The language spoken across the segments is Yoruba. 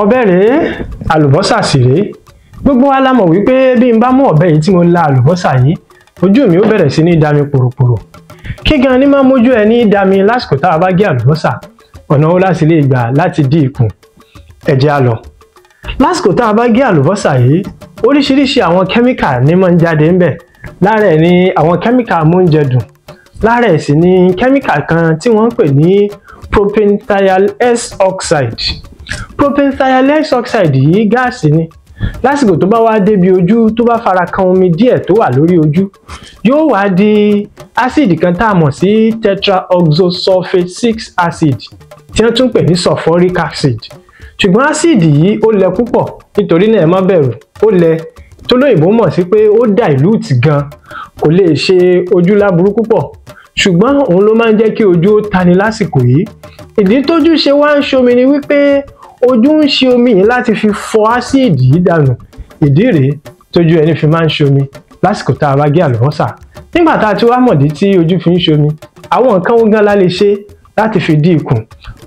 ọ̀bẹ rèé àlùbọ́sà sì rèé gbogbo wa la mọ̀ wípé bí n bá mú ọ̀bẹ yìí tí mo la àlùbọ́sà yìí ojú mi ó bẹ̀rẹ̀ sí ní dami pòròpòrò kí gan ni máa mójú ẹ ní dami lásìkò tá a bá gé àlùbọ́sà ọ̀nà ó láti lè gbà láti dí ikùn ẹ jẹ́ á lọ. lásìkò tá a bá gé àlùbọ́sà yìí oríṣiríṣi àwọn kẹ́míkà ní máa ń jáde ńbẹ̀ lára ẹ̀ ní àwọn kẹ́míkà amóúnjẹ dùn lára ẹ̀ sì ní kẹ́míkà kan tí wọ́n ń pè ní propenthial S oxide propenthylaline oxide yìí gáàsì ni lásìkò tó bá wá débi ojú tó bá fara kan omi díẹ̀ tó wà lórí ojú yóò wá di ásíìdì kan tá a mọ̀ sí tetraoxosulfate six acid tí wọ́n tún pè ní sulfuric acid ṣùgbọ́n ásíìdì yìí ó lẹ púpọ̀ nítorí náà ẹ má bẹ̀rù ó lẹ tólóyìnbó mọ̀ sí pé ó dilute gan kò lè ṣe ojú láburú púpọ̀ ṣùgbọ́n òun ló máa ń jẹ́ kí ojú ó tani lásìkò yìí ìdí tójú ṣe wá ń ṣomi ni wípé ojú ń ṣe omi yìí láti fi fọ ásíìdì yìí dànù ìdí rèé tójú ẹni fi máa ń ṣe omi lásìkò tá a bá gé àlùbọ́sà nígbà tá a ti wá mọ̀dí tí ojú fi ń ṣe omi àwọn nǹkan wo gan la lè ṣe láti fi dí ikùn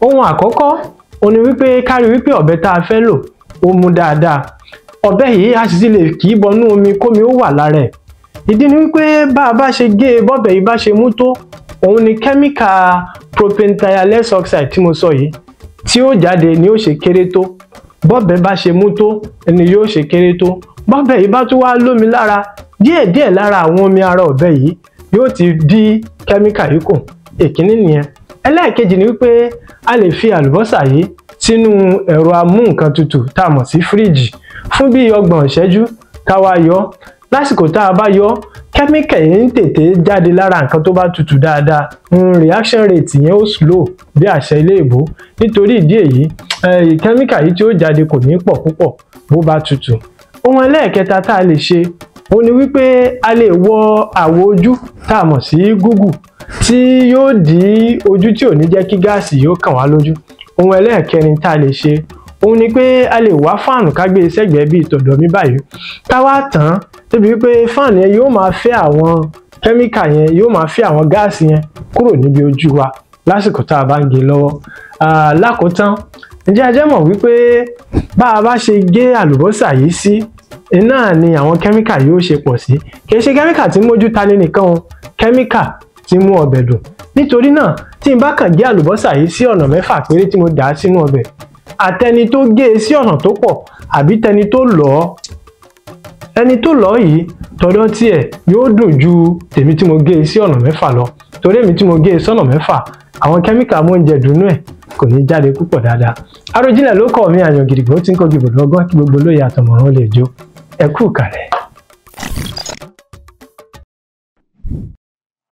ohun àkọ́kọ́ ó ní wípé kárí wípé ọ̀bẹ tá a fẹ́ lò ó mú dáadáa ọ̀bẹ yìí a sì ti lè kì í bọnú omi kómi ó wà lára ẹ̀ ìdí ni wípé bá a bá ṣe gé e bọ́bẹ̀ yìí bá ṣe mú tó òun ni kẹ́míkà propentialase oxide tí mo sọ yìí tí ó jáde ni ó ṣe kéré tó bọ́bẹ̀ bá ṣe mú tó ni yóò ṣe kéré tó bọ́bẹ̀ yìí bá tún wá lómi lára díẹ̀díẹ̀ lára àwọn omi ara ọ̀bẹ yìí yóò ti dí kẹ́míkà yìí kù èkíní nìyẹn ẹlẹ́ẹ̀kejì ni wípé a lè fi àlùbọ́sà yìí sínú ẹ̀rọ amú nǹkan tutù tá a mọ̀ sí fíríjì fún bíi ọgbọ̀n ìṣẹ́jú ká wá yọ lásìkò tá a bá yọ kẹ́míkà yìí ń tètè jáde lára nǹkan tó bá tutù dáadáa hmm, reaction rate yẹn ó slow bí àṣẹ ilé ìbò nítorí ìdí èyí eh, kẹ́míkà yìí tí ó jáde kò ní pọ̀ púpọ̀ bó bá tutù ohun ẹlẹ́ẹ̀kẹta tá a lè ṣe ó ní wípé a lè wọ àwọ̀ ojú tá a mọ̀ sí gúgù tí yóò dí ojú tí ò ní jẹ́ kí gáàsì yóò kàn wá lójú ohun ẹlẹ́ẹ̀kẹrin tá a lè ṣe òun ni pé a lè wá fáànù ká gbé sẹ́gbẹ̀ẹ́ bíi tọ̀dọ̀ mi báyìí ká wá tàn án débi wípé fáànù yẹn yóò máa fẹ́ àwọn kẹ́míkà yẹn yóò máa fẹ́ àwọn gáàsì yẹn kúrò níbi ojú wa lásìkò tá a bá ń gé lọ́wọ́ lákòótán ǹjẹ́ ajẹ́ mọ̀ wípé bá a bá ṣe gé àlùbọ́sà yìí sí iná ni àwọn kẹ́míkà yóò ṣe pọ̀ sí kì ṣe kẹ́míkà tí mójú ta nìkan o kẹ́míkà tí mú ọbẹ̀ dùn nítorí náà tí n bá kàn gé àlùbọ́sà yìí sí ọ̀nà mẹ́fà péré tí mo dà á sínú ọbẹ̀ àtẹni tó gé e sí ọ̀nà tó pọ̀ àbí tẹni tó lọ̀ ọ́ ẹni tó lọ̀ yìí tọ̀dọ̀ tiẹ̀ yóò dùn ju tèmi tí mo gé e sí ọ̀nà mẹ́fà lọ torí èmi tí mo gé e sọ́nà mẹ́fà àwọn kẹ́míkà amóúnjẹ dùnú ẹ̀ kò ní jáde púpọ̀ dáadáa Àròjinlẹ̀ ló kọ́ mi àyàn gidigbo tí ń kojú gbogbo ọgbọ́n gbogbo lóye àtọ̀mọ̀ràn lè jó ẹ kú kàlẹ̀.